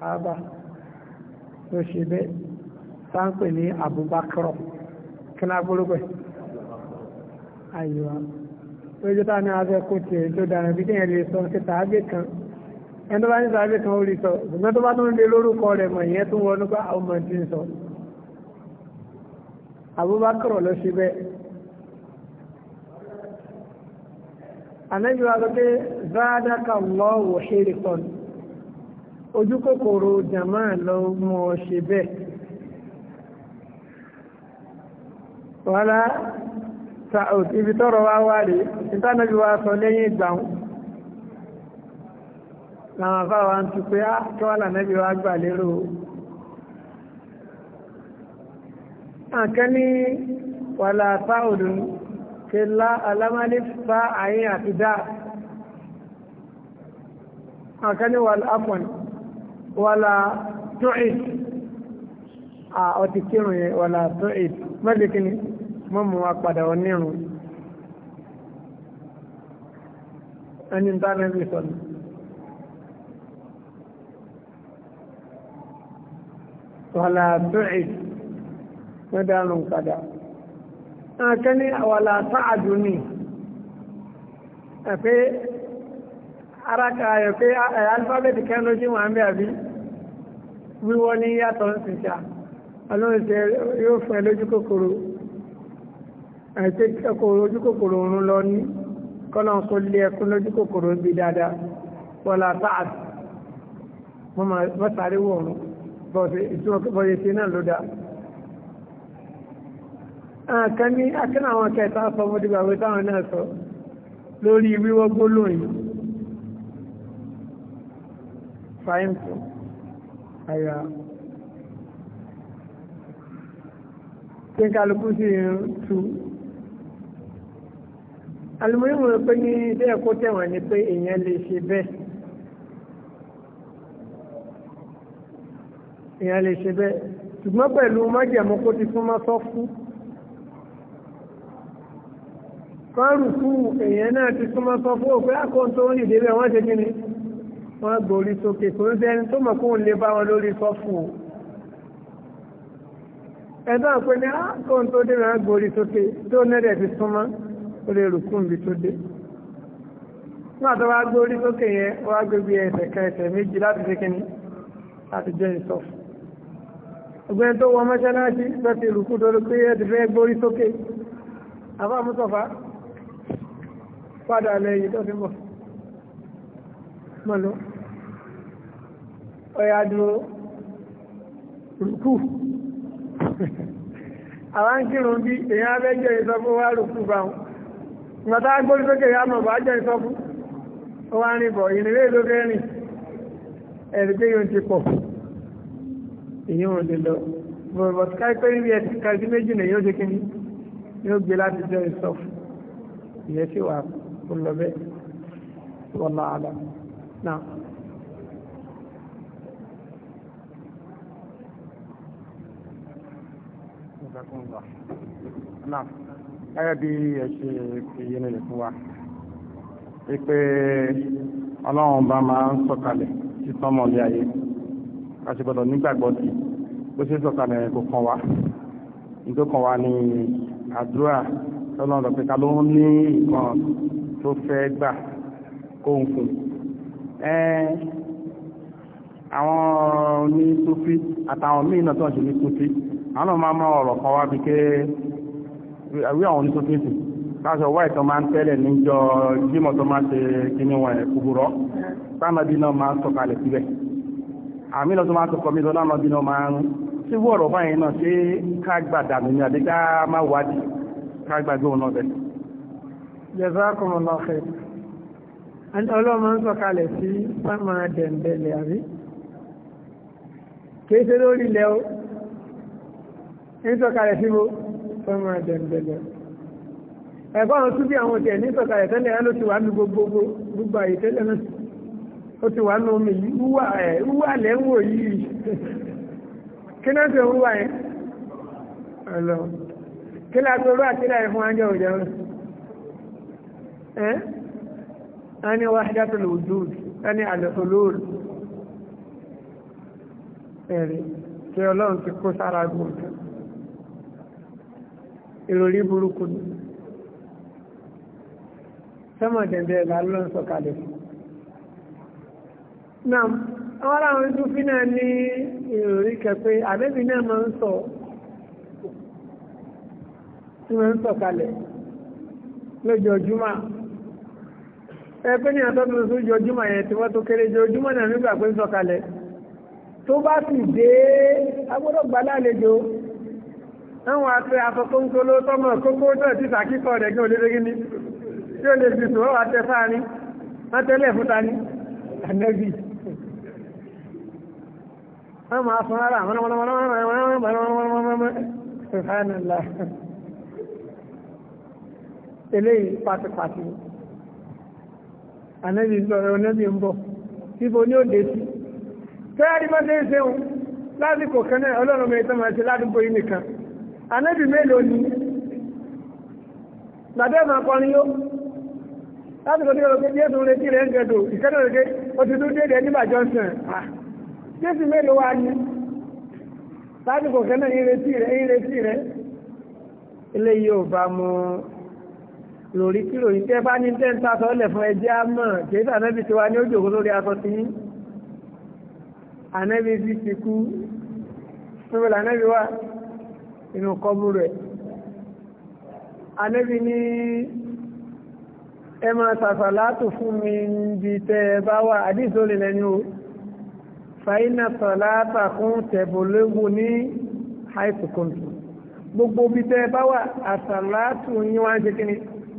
sàhábà ló ṣe bẹ́ẹ̀ sáńpè ní àbúbákọ́rọ̀ kí ní agbórúkọ̀ àyíwá lójú tá ní abẹ́ kó tiẹ̀ tó dára bí kéèyàn lè sọ sí sàábé kan ẹni tó bá ní sàábé kan ó rí sọ ṣùgbọ́n tó bá tó ń lé lórúkọ rẹ̀ mọ̀ ìyẹn tó ń wọnú bá àwọn ọmọ tí ń sọ àbúbákọ́rọ̀ ló ṣe bẹ́ẹ̀ ànájú wa sọ zádàkà lọ́wọ́ ṣe rí sọ́nù ojú kòkòrò jàmá lọ mú ọ ṣe bẹ́ẹ̀ wọ́lá sa'ud ibi tọ́rọ wá wá rí ìtànàbí wá sọ lẹ́yìn ìgbàun làwọn afá wa ń tu pé á ah, tó wà lànàbí wá gbà lérò àǹkan ní wàlá sa'ud ke fa àyín àti dáa àǹkan ní afọ̀nì wọ́la tu'id à ọtí kírun yẹn wọ́la tu'id mọ́lẹ̀ kí ni mọ́ mú wa padà onírun ẹni dáná bí sọ́nà wọ́la tu'id wọ́n dánú padà ẹ̀kẹ́ ní wọ́la ta'aduni ẹ̀fẹ́ aráka ayọ̀ pé alifábẹ́ẹ̀tì kan ló jíwọ̀n àmì àbí wíwọ́ ní yàtọ̀ ń sìnṣà ọlọ́run ṣe yóò fún ẹ lójú kòkòrò àti kòkòrò ojú kòkòrò òun lọ ní kọ́lọ́n kó lé ẹkún lójú kòkòrò bí dáadáa bọ́lá táàtì wọ́n sáré wọ̀ ọ́n bọ́ọ̀dé ṣe náà ló dáa àkànní akínà àwọn kẹta sọ mọ́ dìgbà wẹ́ táwọn náà sọ lórí wíwọ́ gbólóyìn fahimtu àyà tí kálukú sí tu alùmọ́yìnwó pé ní ilé ẹ̀kọ́ tẹ̀wọ̀n ni pé èèyàn lè ṣe bẹ́ẹ̀ èèyàn lè ṣe bẹ́ẹ̀ ṣùgbọ́n pẹ̀lú májẹ̀mú kó ti fún mọ́sọ́ fún kọ́rù fún èèyàn náà ti fún mọ́sọ́ fún òpé àkóńtó ń rìn ṣe kí ni wọ́n gborí sókè kò ń sẹ́ni tó mọ̀ kóun lè bá wọn lórí sọ́fù o ẹ̀dọ́ àpẹ ní àkóhun ah, tó dé wọn gborí sókè tó nẹ́rẹ̀ ti súnmọ́ ó lè rùkún bí tó dé nígbà tó wá gborí sókè yẹn wá gbégbé ẹsẹ̀ kan ẹsẹ̀ méjì láti fi kíni láti jẹ́ ìsọ̀fù ọgbẹ́ni tó wọ mọ́ṣáláṣí lọ́ti rùkú tó ló pé ẹ ti fẹ́ gborí sókè àbá mú sọ̀fà padà lẹ́yìn tó ti mọ̀ mọ́nà ọ̀yà dúró rùkú àwọn ń kírun bí èyàn abẹ́ jẹ́ ìsọ́fún wá rùkú bá wọn ìgbàtà agbórí sókè yà mọ̀ bá jẹ́ ìsọ́fún ó wá rìn bọ̀ ìrìnlẹ̀ èdò fẹ́rìn ẹ̀rì pé yóò ti pọ̀ èyàn ò lè lọ bọ̀bọ̀ tí káyí pé níbi ẹ̀sìn kájí méjì nìyí ó ṣe kíní yóò gbé láti jẹ́ ìsọ́fún náà. náà gẹ́gẹ́ bí ẹ ṣe fi yé nílẹ̀ wa wípé ọlọ́run bá máa ń sọ̀kalẹ̀ sí a sì gbọ́dọ̀ nígbàgbọ́ sí bó ṣe sọ̀kalẹ̀ kò kàn wá nítorí kàn wá ní àdúrà tọ́lọ́run lọ pé ká ló ń ní nǹkan tó fẹ́ gbà kóhun àwọn ní sufi àtàwọn míì náà tó ń ṣe ní sufi àwọn náà máa máa ọ̀rọ̀ kan wá bí ké àwí àwọn ní sufi sì káṣọ wáì tó máa ń tẹ́lẹ̀ níjọ jímọ̀ tó máa ṣe kíní wọn kúburọ́ sáàmàbí náà máa ń sọ̀kalẹ̀ síbẹ̀ àmì lọ́tọ́ máa ń mi lọ́nà àmàbí náà máa ń tí wọ́ọ̀rọ̀ báyìí náà ṣe ká gbàdà mi ní àdéká máa wádìí ká gbàgbé òun náà bẹ̀. Jazakumullahu khair ọlọ́mọ ń sọ̀kalẹ̀ sí pàmà dẹ̀m̀bẹ̀lẹ̀ àrí kìí ṣe lórí ilẹ̀ o ń sọ̀kalẹ̀ sí mo pàmà dẹ̀m̀bẹ̀lẹ̀ ẹ̀kọ́ àwọn tún bí àwọn tẹ̀ ní sọ̀kalẹ̀ tẹ́lẹ̀ ẹ̀ ló ti wà ní gbogbogbò gbogbo àyè tẹ́lẹ̀ náà ó ti wà ní omi yìí wúwà ẹ̀ wúwà lẹ́ ń wò yìí kí náà ṣe wúwà yẹn ọlọ kí láti olú àti láì fún ajọ́ ẹni wahdatul wujud ẹni al-hulul ẹ̀rí tí ọlọ́run ti kó sára gbòǹkà ìròrí burúkú ni sẹ́mọ̀ dẹ̀ndẹ̀ lálọ́n sọ̀kalẹ̀ náà àwọn aráwọn ìdúfin náà ní ìròrí kẹfẹ́ àbẹ́bí náà máa ń sọ tí wọ́n ń sọ̀kalẹ̀ lójoojúmọ́ ẹgbẹ́ ní àtọ́ tuntun tó jọjúmọ̀ yẹn tí wọ́n tó kéré jọjúmọ̀ náà nígbà pé ń sọ̀kalẹ̀ tó bá sì dé agbọ́dọ̀ gbà lálejò àwọn àti asọ̀kóńkóló tọ́mọ̀ kókó náà ti sàkíkọ̀ rẹ̀ kí olóde gíní tí ó lè fi sùn wọ́n wá tẹ sáàní wọ́n tẹ́lẹ̀ fúta ní ànẹ́bì wọ́n máa sọ ara àwọn eléyìí pátípátí ànábì ń lọ́rọ̀ ànábì ń bọ̀ ibo ni sí dé ṣeun lásìkò kan náà ọlọ́run máa ṣe ládùúgbò yìí nìkan mélòó ni máa kọrin yó lásìkò tí ń retí rẹ̀ ń gẹ̀dọ̀ rẹ̀ ti dún déédéé nígbà johnson jésù mélòó wá ní lásìkò kan náà ń retí rẹ̀ ń retí rẹ̀ bá mú ròrí kí ròyìn tẹ́ bá ní tẹ́ǹtà sọ́lẹ̀ fún ẹjẹ́ àmọ́ jésù ànábì ti wá ní òjò lórí aṣọ ti yín ànábì sì ti kú níbo lànábì wà inú kọ́bù rẹ̀ ànábì ní ẹ máa sàṣàlátù fún mi níbi tẹ́ ẹ bá wà àdìsó lè lẹ́ni o fàyínà sàlátà fún tẹ̀bọ̀lẹ́gbò ní high school gbogbo bí tẹ́ ẹ bá wà àṣàlátù yín wá ń ṣe kíni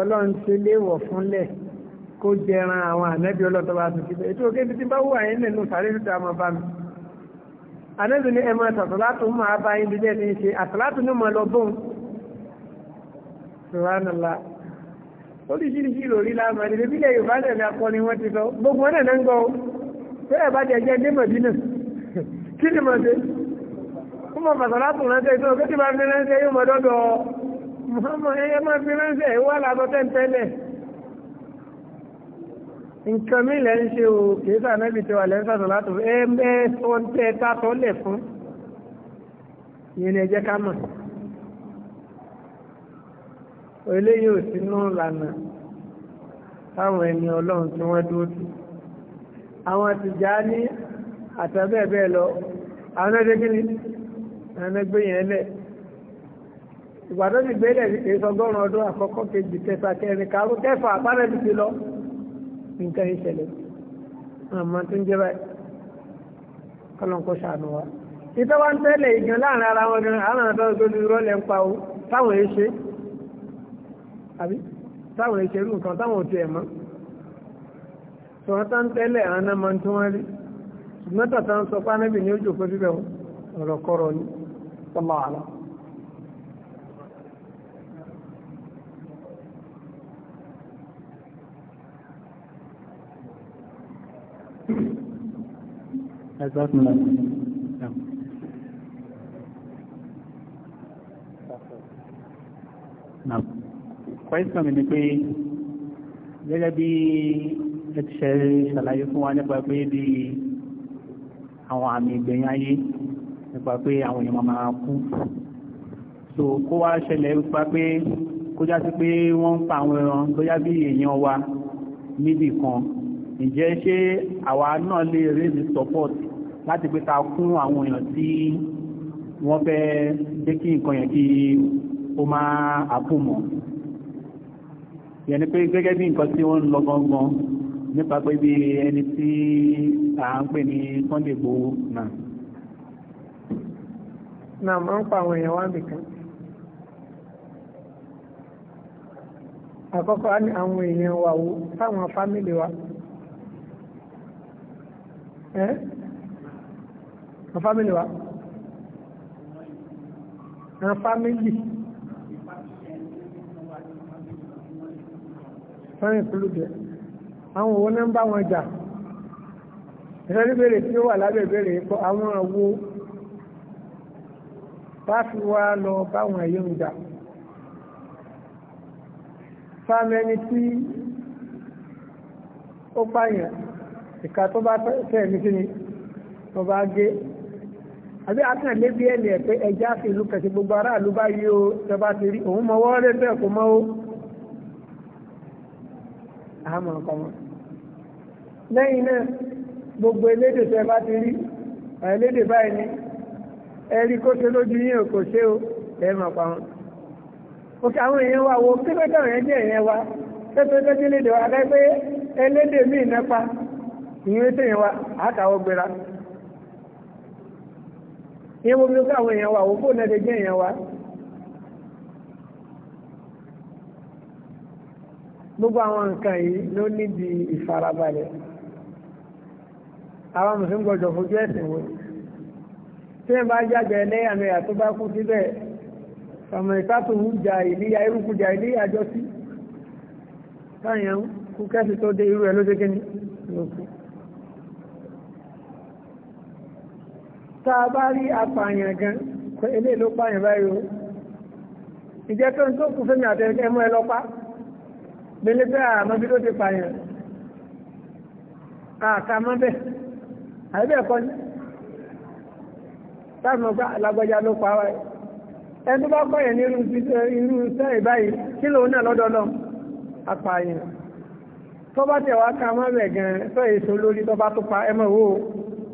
ọlọ́run ti léèwọ̀ fúnlẹ̀ kó jẹran àwọn ànábì ọlọ́tọ́ bá tún síbẹ̀ ètò òkè títí bá wà yín nínú sàárè tó dáa máa bá mi. ànábì ní ẹ̀mọ àtàtàlátù máa bá yín dídẹ́ ní ṣe àtàlátù ní mọ̀ lọ bóun. sùránàlá oríṣiríṣi ìròrí láàmú ẹni bíbí ilẹ̀ yorùbá náà ní akọni wọn ti lọ gbogbo wọn náà ń gbọ́ o bẹ́ẹ̀ bá jẹ́ jẹ́ dé mọ̀dínà kí ni mọ̀ ṣe. ó mọ̀ pàtàlátù rántẹ́ ìtọ́ ọmọ ẹyẹ máa fi ránṣẹ́ ìwọ́ àlàbọ̀ tẹ́ńtẹ́lẹ̀ nǹkan mi lẹ́ ń ṣe o kìí sànẹ́bì tí wà lẹ́ ń sàtọ̀ látò ẹ ẹ sọ́n tẹ́ ẹ tátọ́ lẹ̀ fún ìyẹn ni ẹ jẹ́ ká mọ̀ eléyìí ò sínú lànà táwọn ẹni ọlọ́run tí wọ́n dúró tì àwọn àtìjà ní àtàbẹ́ẹ̀ lọ àwọn ẹgbẹ́ yẹn lẹ̀ ìgbà tó ti gbélé ìpè sọgọ́rùn ọdún àkọ́kọ́ kejì kẹta kẹrin karùn kẹfà àpárẹ́bí ti lọ nǹkan ìṣẹ̀lẹ̀ àmọ́ tó ń jẹ́ báyìí kọ́lọ́n kó ṣàánú wa. ìtọ́ wa ń tẹ́lẹ̀ ìgbìn láàrin ara wọn gan àwọn àtọ́ tó ti rọ́lẹ̀ ń pa o táwọn èé ṣe àbí táwọn èé ṣe irú nǹkan táwọn ò mọ́. tẹ́lẹ̀ àwọn máa ń tún wọn rí ṣùgbọ́n ń sọ Kwẹ́sìtàn mi ni pé gẹ́gẹ́ bí ẹ ti ṣe ṣàlàyé fún wa nípa pé bí àwọn àmì ìgbẹ̀yìn ayé nípa pé àwọn èèyàn máa kú. So kó wá ṣẹlẹ̀ nípa pé kó já sí pé wọ́n ń pa àwọn ẹran bóyá bí èèyàn wa níbì kan. Ǹjẹ́ ṣé àwa náà lè raise support láti pé ta kún àwọn èèyàn tí wọ́n fẹ́ jẹ́ kí nǹkan yẹn kí ó máa àpòmọ̀ yẹn ni pé gẹ́gẹ́ bí nǹkan tí wọ́n ń lọ gangan nípa pé bí ẹni tí à ń pè ní Sunday náà. náà máa ń pa àwọn èèyàn wá nìkan. àkọ́kọ́ á ní àwọn èèyàn wa wo fáwọn fámìlì wa. eh? àwọn fámìlì wa àwọn fámìlì fẹ́ràn ìpolúdẹ àwọn òwò náà ń bá wọn jà ìfẹ́ níbèrè tí ó wà lábẹ́ ìbéèrè pọ̀ àwọn àwo bá fi wá lọ báwọn ẹ̀yẹ́ ń jà fámẹ́ni tí ó pààyàn ìka tó bá tẹ̀mí sí ni wọ́n bá gé àbí akànlé bí ẹni ẹ̀ pé ẹja fi ìlú kẹsì gbogbo aráàlú bá yí o tọba ti rí òun mọwọ́ rẹ̀ bẹ́ẹ̀ kó mọ́ ó àmọ́ ọkọ̀ wọn. lẹ́yìn náà gbogbo elédè tẹ bá ti rí elédè báyìí ni ẹ̀rí kó ṣe lójú yín kò ṣe o ẹ̀ mọ̀ pa wọn. òkè àwọn èèyàn wa wo kí pẹ́tẹ́ àwọn ẹ̀jẹ̀ yẹn wa pẹ́tẹ́ pẹ́tẹ́ lédè wa rẹ pé elédè míì nẹ́pa ìyẹn tẹ̀yìn wa àkàwọ́ gbéra ìyẹn mo bí ká àwọn èèyàn wa àwọn fóònù ẹ̀dẹ̀ jẹ́ èèyàn wa. gbogbo àwọn nǹkan yìí ló níbi ìfarabalẹ̀ àwọn mùsùlùmí gbọdọ̀ fojú ẹ̀sìn wò tí wọ́n bá jáde ẹlẹ́yàmẹ̀yà tó bá kú síbẹ̀ ọmọ ìfàtòhún jà ìlíyà irúkú jà ìlíyà jọ sí táyà ń kú kẹ́sì tó dé irú ẹ̀ ló dé kíní lókùn. tá a bá rí apààyàn gan ilé ló pààyàn báyìí o ìjẹ́ tó ń tó kù fẹ́mi àtẹ̀kẹ́ mú ẹ lọ́pá gbélé pé àmọ́bí ló ti pààyàn àkàmọ́ bẹ́ẹ̀ àbẹ́bẹ́ ẹ̀kọ́ ni táàmù ọgbà alágbájá ló pa wáyé ẹni tó bá pààyàn ní irú sẹ́yìn báyìí kí lòun náà lọ́dọ̀ náà apààyàn tó bá tẹ̀ wá kàmọ́ bẹ̀ gan-an sọ èso lórí tó bá tó pa ẹmọ owó o.